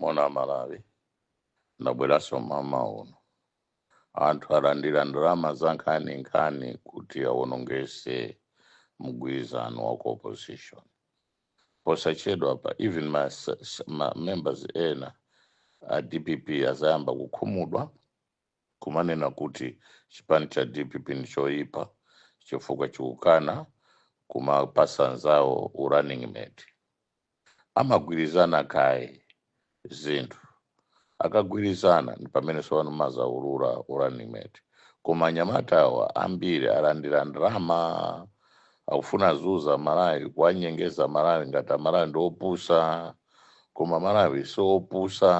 mona malawi ndabweranso mama uno anthu alandira ndalama za nkhaninkhani kuti awonongese mgwirizano wa ku opposition posachedwa pa even ma, ma members ena a dpp azayamba kukhumudwa kumanena kuti chipani cha dpp ni choyipa chifukwa chikukana kumapasa nzawo urunning mate amagwirizana kaye zinthu akagwirizana ni pamene sowanamaza mazaulula ulanimeti koma anyamatawa ambiri alandira ndrama akufuna zuza malawi kuwanyengeza malawi ngati amalawi ndi opusa koma malawi siopusa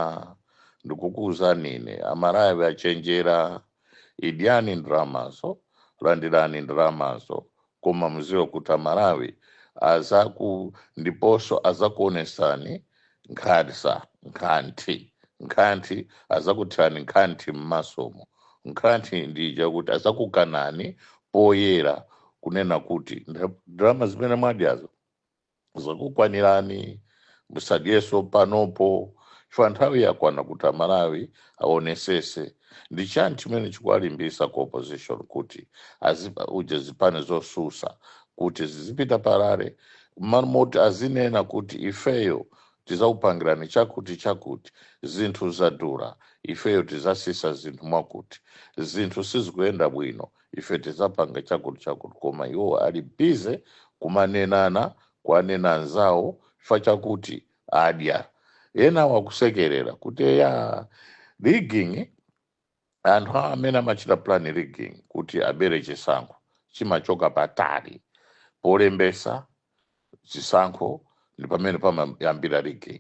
ndikukuza nine amalawi achenjera idyani ndalamazo landirani ndalamazo koma muziwe kuti amalawi azaku ndiponso azakuonesani nkhatisa nkhanti nkhanti azakuthani nkhanti mmasomo nkhanti ndi chakuti azakukanani poyera kunena kuti drama zimene mwadyazo zakukwanirani musadyeso panopo chifukwa nthawi yakwana kuti amalawi aonesese ndi chani chimene chikuwalimbisa ku opposition kuti uje zipane zosusa kuti zizipita palale mmalumoti azinena kuti ifeyo tisakupangira nechakuti chakuti zinthu zadhura ifeyo tisasisa zinthu mwakuti zinthu sizi kuenda bwino ife tisapanga chakuti chakuti koma iwo ali bize kumanenana kuanena nzawo fa chakuti adya yena wakusekerera kuti ya rigging anthu aamene amachita plani rigging kuti abere chisankho chimachoka patali polembesa chisankho ndi pamene pamayambirariki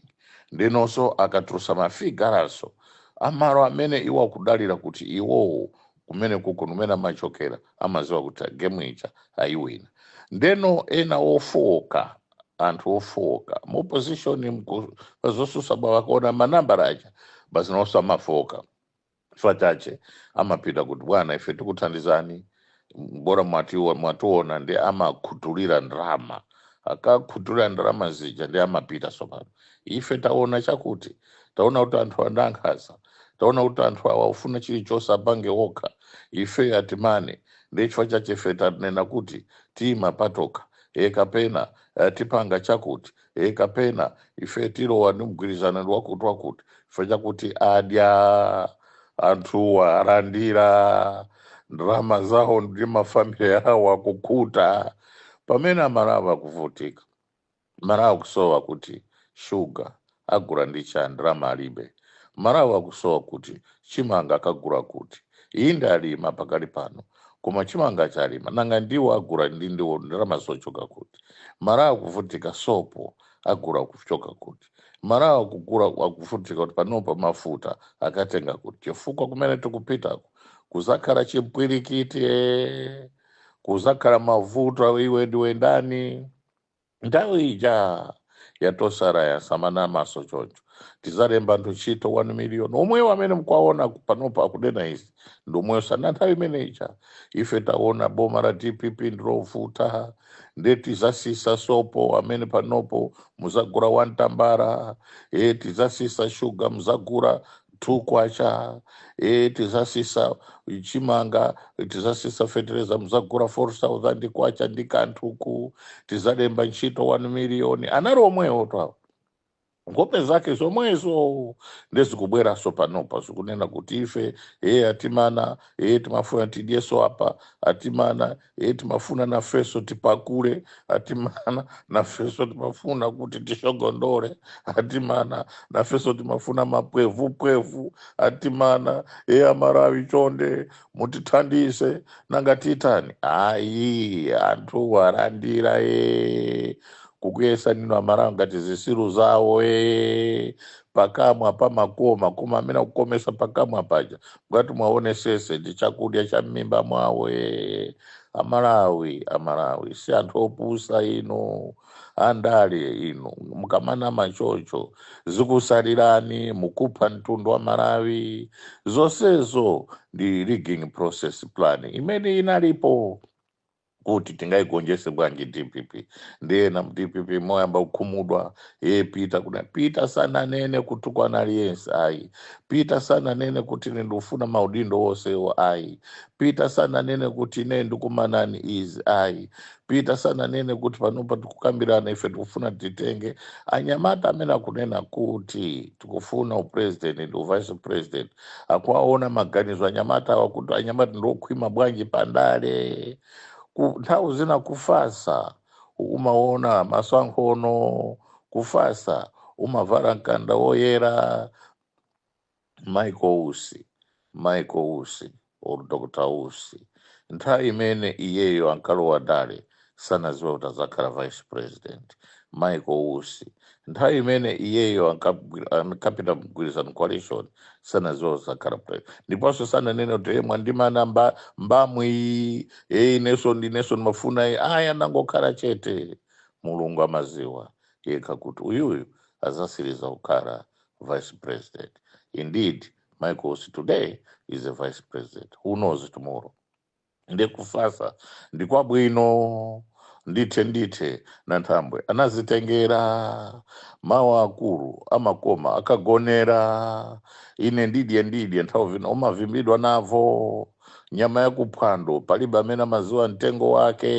ndinonso akatulusa mafika alaso amalo amene iwo akudalira kuti iwowo kumene kuko kumene amachokera amaziwa kuti gemu ija ayiwina ndeno ena ofowoka anthu ofowoka mu opposition pazosusa bwa bakaona manambala aja amafowoka chifukwa chache amapita kuti bwana ife tikuthandizani bora mwationa ndi amakhutulira ndrama akakhuthula ndala zija ndi amapita tsopano ife taona chakuti taona kuti anthu andankhaza taona kuti anthu awa ufuna chilichonse apange okha ife atimane ndi chifukwa chachefe tanena kuti tima patokha ekapena eh, tipanga chakuti kapena ife tilowa ndi mgwirizaniro wakuti wakuti ife chakuti adya anthuwa alandira ndalama zawo ndi mafamili awo akukhuta pamene amarava kuvutika marava kusowa kuti shuga agura ndichandira malibe marava akusowa kuti chimanga akagura kuti iyi ndalima pakati pano koma chimanga charima nanga ndiwo agura ndindiwo ndiramazochoka kuti mara akuvutika sopo agura kuchoka kuti mara akugura akuvutika kuti panopa mafuta akatenga kuti chifukwa kumene tikupitako kuzakhala chimpwirikiti eh. kuzakhala mavuta iwe ndiwe ndani nthawi ija yatosara samana maso chocho tizalemba ntuchito wanu miliyoni omwewo amene mkwaona panopa akudena izi ndi sana nthawi imene ija ife taona boma la dpp ndilovuta nde tizasisa sopo amene panopo muzagura wantambara e tizasisa shuga muzagura tukwasha e, tisasisa chimanga tisasisa fetereza muzagura for south andikwacha ndikantuku tisademba nchito 1 miriyoni anaromweotwavo ngope zake zomweso ndezikubweraso panopa zikunena kuti ife hee eh, atimana hee eh, timafuna tidyeso apa atimana hee eh, timafuna nafeso tipakure atimana nafeso timafuna kuti tishogondore atimana nafeso timafuna mapwevu pwevu atimana hee amarawi chonde mutithandise nanga tiitani ayi anthu warandira ee kukuyesanina mara ngati zisiru zawo pakamwa pamakoo makoo mamina kukomesa pakamwa paja mukati mwaonesese ndichakudya cha mmimba mwawo amalawi amalawi si anthu opusa ino andale ino mukamana machocho zikusalirani mukupha mtundu wa malawi zonsezo ndi rigging process plan imene inalipo kuti tingayigonjese bwanji DPP ndiye na DPP moyo ambao kumudwa yeye pita kuna pita sana nene kutukwa na liyense ai pita sana nene kuti nindufuna maudindo wose ayi ai pita sana nene kuti ne ndikumanani izi ai pita sana nene kuti panopa tikukambirana ife tikufuna titenge anyamata amene akunena kuti tikufuna upresident ndi uvice president akuaona maganizo anyamata awa kuti anyamata ndiokhwima bwanji pandale nta uzina kufasa umaona maswankhono kufasa umavhara nkanda woyera maiko usi maiko usi or dokta usi nthawi imene iyeyo ankalowa dale sanaziwe kuti adzakhala vice president maiko usi nthawi imene iyeyo ankapita mgwirizano coalition sanaziwa zakhala ndiponso sananene kuti mwandimana mba, mbamwi eyi nelson nelson mafuna yi e, aya anangokhala chete mulungu amaziwa yekha kuti uyuyu azasiriza kukhala vice president indeed michaels today is a vice president who knows tomorrow ndekufasa ndikwabwino ndithe ndithe na nthambwe anazitengera mawa akulu amakoma akagonera ine ndidye ndidye nthawi vino umavimbidwa navo nyama yakuphwando palibe amene amaziwa mtengo wake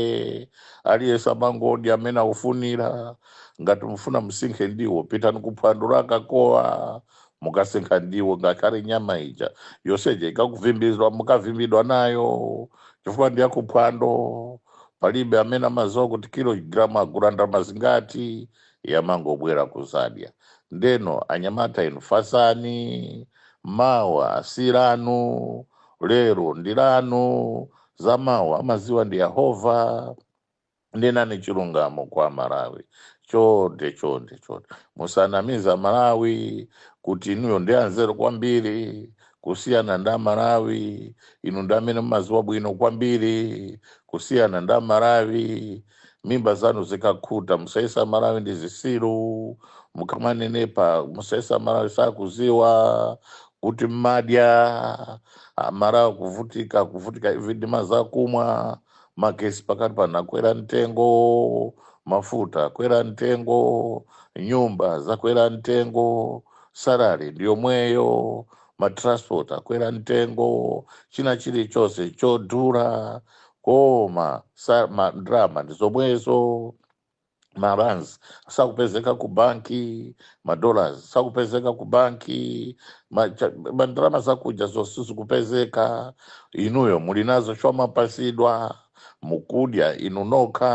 aliyense amangodi amene akufunira ngati mufuna msinkhe ndiwo pitani kuphwando la kakowa mukasinkha ndiwo ngakhale nyama ija yonseje ikakuvimbizwa mukavimbidwa nayo chifukwa ndiyakuphwando palibe amene amaziwa kuti kilogramu aguranda mazingati bwera kuzadya ndeno anyamata inu fasani mawa siranu lero ndilanu za mawa amaziwa ndi yehova ndinani chilungamo kwa malawi chonde chonde chonde musanamiza malawi kuti inuyo ndi anzeru kwambiri kusiyana nda marawi inundamene mmaziwa bwino kwambiri kusiyana nda marawi mimba zanu zikakhuta musayesa marawi ndi zisiru mukamanenepa musayesa marawi sakuziwa kuti mmadya marawi kuvutika kuvutika ivi ndima zakumwa magesi pakati pano akwera mtengo mafuta akwera mtengo nyumba zakwera mtengo sarari ndiyo mweyo matransport akwera ntengo china chiri chose chodhura goma madrama ndizomweso mabanz sakupezeka kubhanki madollars sakupezeka kubhanki mandrama sakudya zosisi kupezeka inuyo muri nazo shoma pasidwa mukudya inonoka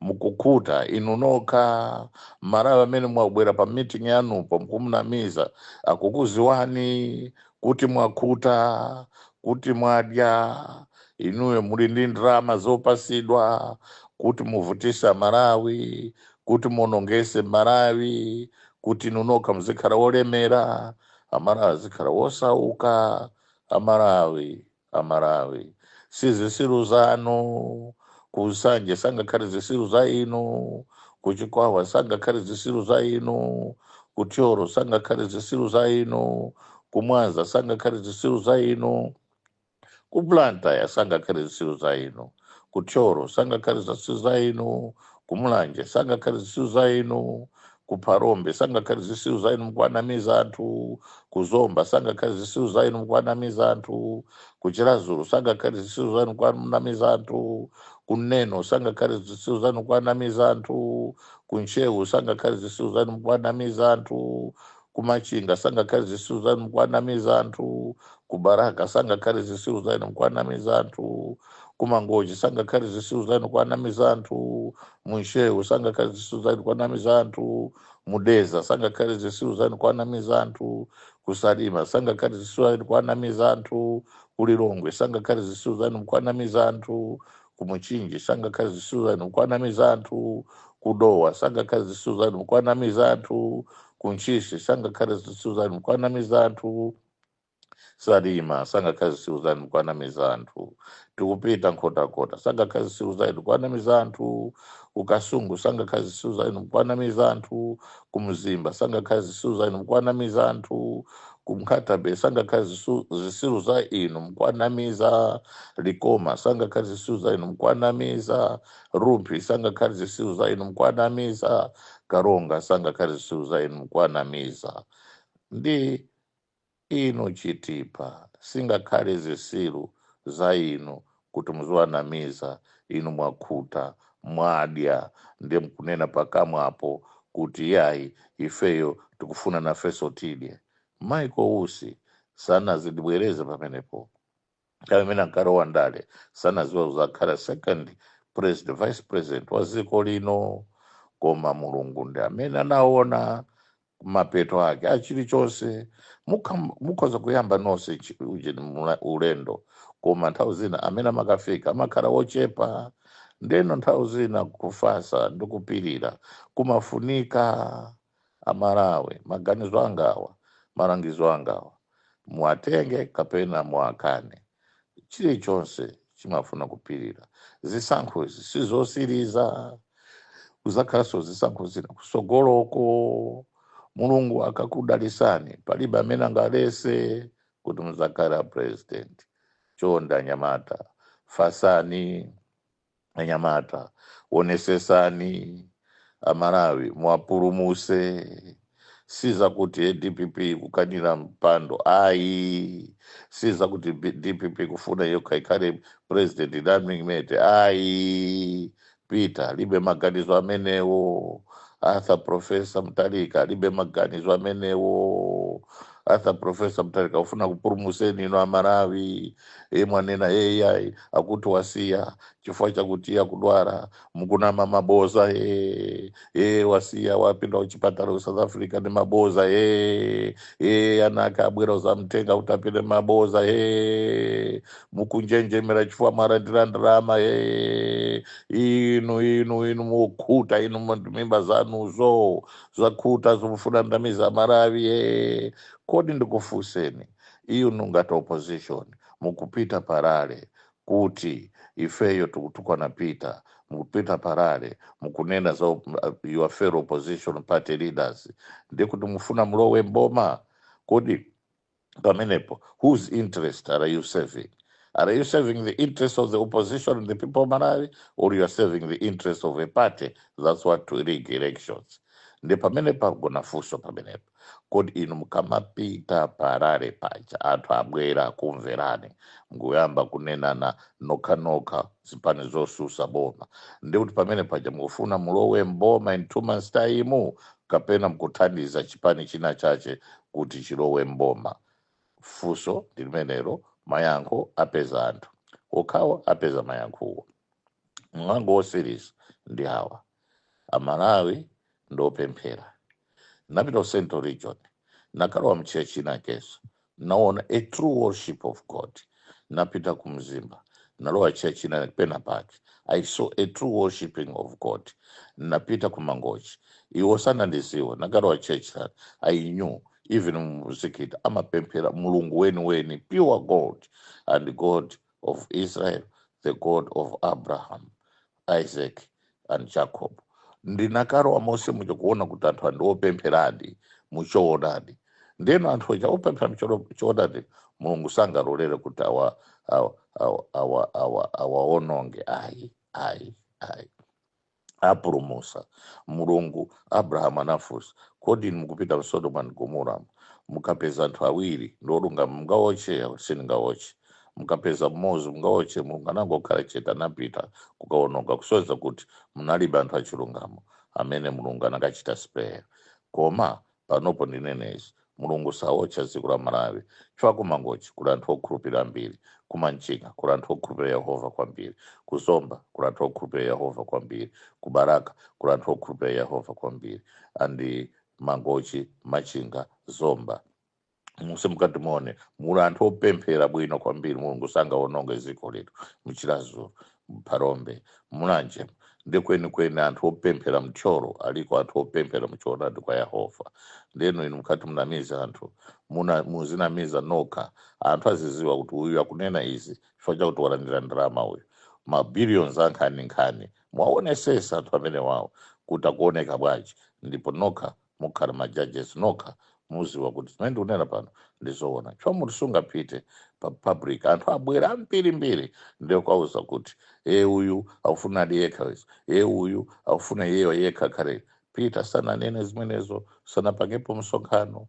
mukukuta inunoka marayo amene mwabwera pa meeting yanupo mkumunamiza akukuziwani kuti mwakhuta kuti mwadya inuyo muli ndi ndrama zopasidwa kuti muvutisa malawi kuti muonongese malawi kuti inunoka mzikhala wolemera amalawi azikhala wosauka amalawi amalawi sizisilu zanu kusanje sangakaridze siru zvaino kuchikwahwa sangakaridze siru zvaino kuchioro sangakaridze siru zvaino kumwaza sangakaridze siru zvaino kuplanta yasangakaridze siru zvaino kuchioro sangakaridza siru zvaino kumulanje sangakaridze siru zvaino kuparombe sangakaridze siru zvaino mukwanamizatu kuzomba sangakaridze siru zvaino mukwanamizatu kuchirazuru sangakaridze siru zvaino mukwanamizatu kuneno sangakhazi zisiwu zanu kwanamiza anthu kunchewu sangakhazi zisiwu zanu mukwanamiza anthu kumachinga sangakhali zisiwu zanu mukwanamiza anthu kubaraka sangakhali zisiwu zanu mukwanamiza anthu kumangoji sangakhali zisiwu zanu mukwanamiza anthu munchewu sangakhali zisiwu zanu mukwanamiza anthu mudeza sangakhali zisiwu zanu mukwanamiza anthu kusalima sangakhali zisiwu zanu mukwanamiza anthu kulilongwe sangakhali zisiwu zanu mukwanamiza anthu kumuchinji sanga kazi suzani ukwanamiza anthu kudowa sanga kazi suzani ukwanamiza anthu kunchishi sangakazi susan ukwanamiza anthu salima sangakazi susan ukwanamiza anthu tikupita nkhotakhota sangakazi susan ukwanamiza anthu ukasungu sangakazi susan ukwanamiza anthu kumzimba sangakazi susan ukwanamiza anthu kumkhatha besangakhazi zisiru za inu mukwanamiza likoma sangakhazi zisiru za inu mukwanamiza rumphi sangakhazi zisiru za inu mukwanamiza karonga sangakhazi zisiru za inu mukwanamiza ndi inu chitipa singakhale zisiru za inu kuti muziwanamiza inu mwakhuta mwadya ndi mkunena pakamwapo kuti yayi ifeyo tikufuna nafeso tidye maiko usi sanazidibwereze pamenepo kamemena nkare wandale sanaziwa zakhala second president vice president wa ziko lino koma mulungu ndi amene anaona mapeto ake achili chonse mukhoza kuyamba nonse ujeni ulendo koma nthawi zina amene amakafika amakhala wochepa ndeno nthawi zina kufasa ndikupirira kumafunika amalawe maganizo angawa angawa muatenge kapena muakane chilichonse chonse chimafuna kupirira zisankho izi sizosiriza kuzakhalaso zisankho zina kusogoloko mulungu akakudalisani palibe amene angalese kuti muzakhala president chonda anyamata fasani anyamata wonesesani amalawi muwapulumuse si zakuti eh, DPP kukanira mpando ayi si DPP kufuna iyo kaikale president Dlamini Mete ayi pita libe maganizo amenewo arthur profesa mtalika libe maganizo amenewo arthur profesa mtalika ufuna kupurumuseni ino amaravi imwanena eh, yeyayi eh, akuti wasiya chifuwa chakutiya kudwara mukunama maboza e e wasiya wapinda kuchipatara kusouth africa nemaboza e e ana akabwera kuzamutenga kuti apinde maboza e mukunjenjemera chifuwa mwarandira ndirama e inu inu inu mukuta inu mimba zanuzo zvakuta zvomufuna ndamiza marawi e kodi ndikufuseni iyu nungata opposition mukupita parare kuti ifeyo tukutukwa na pita mupita parale mukunena za uh, your fellow opposition party leaders kuti mufuna mlowe mboma kodi pamenepo whose interest are you serving Are you serving the interest of the opposition and the people of Malawi, or you are serving the interest of a party? That's what to rig elections. Ndi pamene pagona pamenepo kodi inu mkamapita parare pacha anthu abwera kumverani mukuyamba kunenana nokhanokha zipani zosusa boma ndikuti pamene paja mukufuna mulowe mboma in two months time kapena mukuthandiza chipani china chache kuti chilowe mboma fuso ndi limenelo mayankho apeza anthu okhawa apeza mayankhuwo mlango wosiriza ndi awa amalawi ndopemphera napita ku central region nakhala wa mchechi inakenso naona a true worship of god napita kumzimba nalowa chechi ina pena pake i saw a true worshiping of god napita kumangochi iwo sanandiziwa nakhala wa chechi sana i knew even mumuzikiti amapemphera mulungu weniweni pure god and god of israel the god of abraham isaac and jacob ndinakaro amose muchokuona kuti anthu andiopempheradi muchoonadi ndeno anthu chaopemphera muchoonadi mulungu sangalolere kuti awa awaononge ayi ayi ayi apulumusa mulungu abrahamu anafunsa kodi mukupita msodoma ni gomora mukapeza anthu awiri ndolungama mungaoche sindingaoche mukapedza mose mungaoche munganangogara cheta napita kukaonoka kusoedza kuti munalibe antu achirungama amene mulungu anaga achiita spreya koma panopo ndinenezi mulungu saocha ziku ramarave chivakumangochi kuri anthu okhulupirira mbiri kumancinga kuri anthu okhulupirira yehovha kwambiri kusomba kuri anthu okhulupirira yehovha kwambiri kubaraka kuri anthu okhulupirira yehovha kwambiri andi mangochi machinga zomba musemukati mone muli anthu opemphera bwino kwambiri mulungu sangaononge dziko lino mchilazo mpharombe mulanje ndi kwenikweni anthu opemphera mchoro aliko anthu opemphera mchoro kwa yehova ndeno inu mkhati munamiza anthu muzinamiza nokha anthu aziziwa kuti uyu akunena izi chifukwa chakuti walandira ndalama uyu mabiliyons ankhaninkhani mwaonesesa anthu amene wawo kuti akuoneka bwaji ndipo nokha mukhala majajesi nokha muziva kuti tinandionera pano ndizoona chomu tisungapite papabric antu abwera ammpiri mbiri ndekwauza kuti e uyu aufuna adi yekares e uyu aufuna iyeyo yekakare peter sana nene zimwenezo sana pange pomusonkano